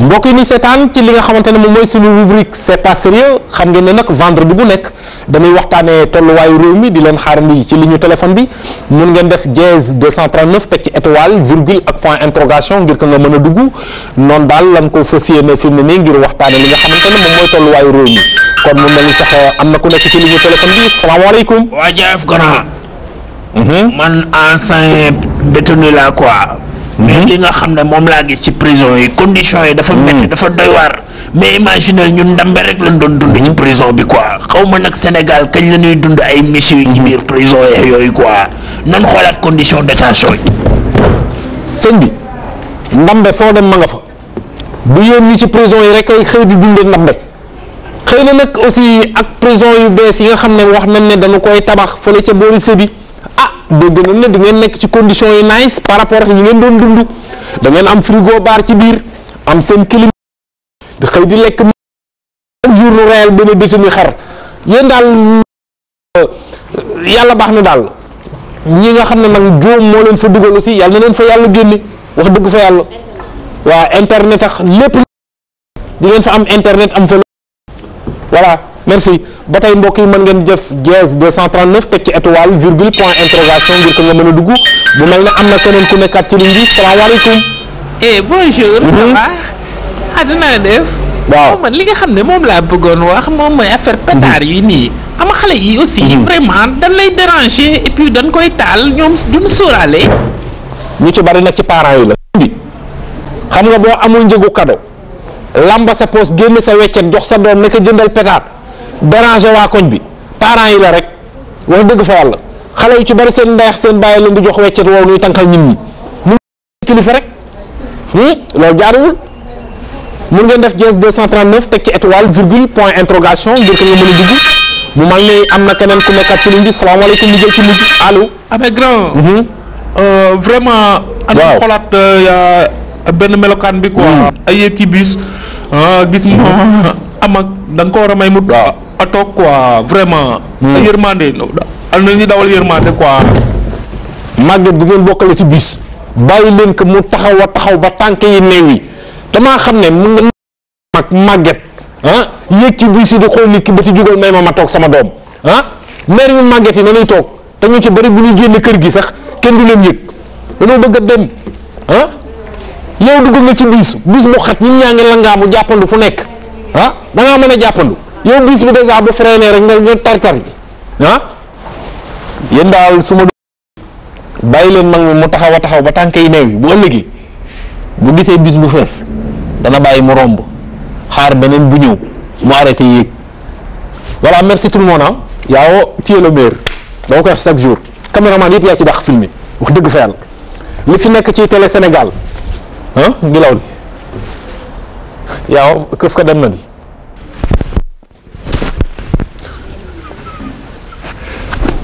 mbokk yi ni seetaan ci li nga xamante ne moom mooy suñu rubrique c'est pas sérieux xam ngeen ne nag vendredi bu nekk dañuy waxtaanee tolluwaayu réew mi di leen xaarandi ci li ñu téléphone bi mun ngeen def dièse 239 teg ci étoile virgule ak point interrogation ngir ko nga mën a dugg noonu daal lan ko fas yéene fi mu ne ngir waxtaane li nga xamante ne moom mooy tolluwaayu réew mi kon mu mel ni sax am na ku nekk ci li ñu téléphone bi salaamaaleykum. waa jaaf gannaaw. Mhm. man ancien détenu la quoi. mais li mhm. nga xam ne moom laa gis ci prison yi condition yi dafa métti mhm. dafa doy waar mais imaginez ñun ndambe rek lañ doon dund ñu mhm. prison bi quoi xaw ma nag Sénégal kañ la ñuy dund ay miches yi ci biir prison yooyu quoi nan xoolaat condition détention yi sëñ bi ndambe foo dem ma nga fa bu yéen ñi ci prison yi rek ay xëy di dundee ndambe xëy na nag aussi ak prison yu bees yi nga xam ne wax nañ ne dañu koy tabax fële ca boori sëbi ah dégg nañ ne di ngeen nekk ci condition yi nice par rapport ak yi ngeen doon dund da ngeen am frigo baar ci biir am seen clim di xëy di lekk chaque jour lu réel benn détenu xar yéen daal euh, yàlla baax na daal ñi nga xam ne nag joom moo leen fa dugal aussi yàlla na leen fa yàlla génne wax dëgg fa yàlla waa internet ak lépp di ngeen fa am internet am fa voilà merci ba tey mbokk yi mën ngeen jëf dièse 239 teg ci étoile virgule point interrogation ngir ko nga mën a dugg bu mel ne am na keneen ku nekkaat ci ligne bi salaamaaleykum. eh bonjour. ça mhm. va ah def. waaw oh, man li nga xam ne moom laa bëggoon wax moom mooy affaire mhm. pétard yi nii. xam nga xale yi aussi. Mhm. vraiment dañ lay déranger et puis dañ koy taal ñoom duñ sóoraale. ñu ci bari nag ci parents yi la. xam nga boo amul njëgu kado lamba sa poos génn sa weccet jox sa doom naka jëndal pétard. déranger waa koñ bi parents yi la rek wax dëgg fa yàlla xale yu ci bari seen ndeex seen bàyyi leen di jox weccet woow nuy tànkal nit ñi mu kilifa rek hmm? def jees 239 teg ci étoile virgule point interrogation a dugg mu mel ni am na keneen ku nekkat ci ligne bi salaamaaleykum mu jël ci mujj allo. amee grand. Hmm? Euh, vraiment. waaw euh, benn melokaan bi quoi. Hmm. ay yéeg ci ah, gis ma am ak da ko war a may mu. ma toog quoi vraiment. Hmm. yërmande am na ñuy dawal yërmande quoi. màgget bu ngeen bokkale ci bis bàyyi leen que mu taxaw a taxaw ba tànk yi new yi damaa xam ne mun nga mag màgget ah yéeg ci bis yi di xool nit ki ba ci jugal may ma ma toog sama doom ah maire yu màgget yi nanuy toog te ci bëri bu ñuy génn kër gi sax kenn du leen yëg dañoo bëgg a dem ah. yow dugg nga ci bis bis mu xat ñun ñaa ngi langaamu jàppandu fu nekk ah da ngaa mën a jàppandu. yow bis bi dèjà bu freiné rek nga nga tartar yi ah yéen daal su ma bàyyi leen mag mu taxaw a taxaw ba tànk yi néew bu ëllëgee bu gisee bis bu fees dana bàyyi mu romb xaar beneen bu ñëw mu arrêté yéeg voilà merci tout le monde ah yow tu koy wax chaque jour caméraman yëpp yaa ci dàq filmé wax dëgg fa yàlla li fi nekk ci télé Sénégal ah ngilaw li yow këf ka dem na di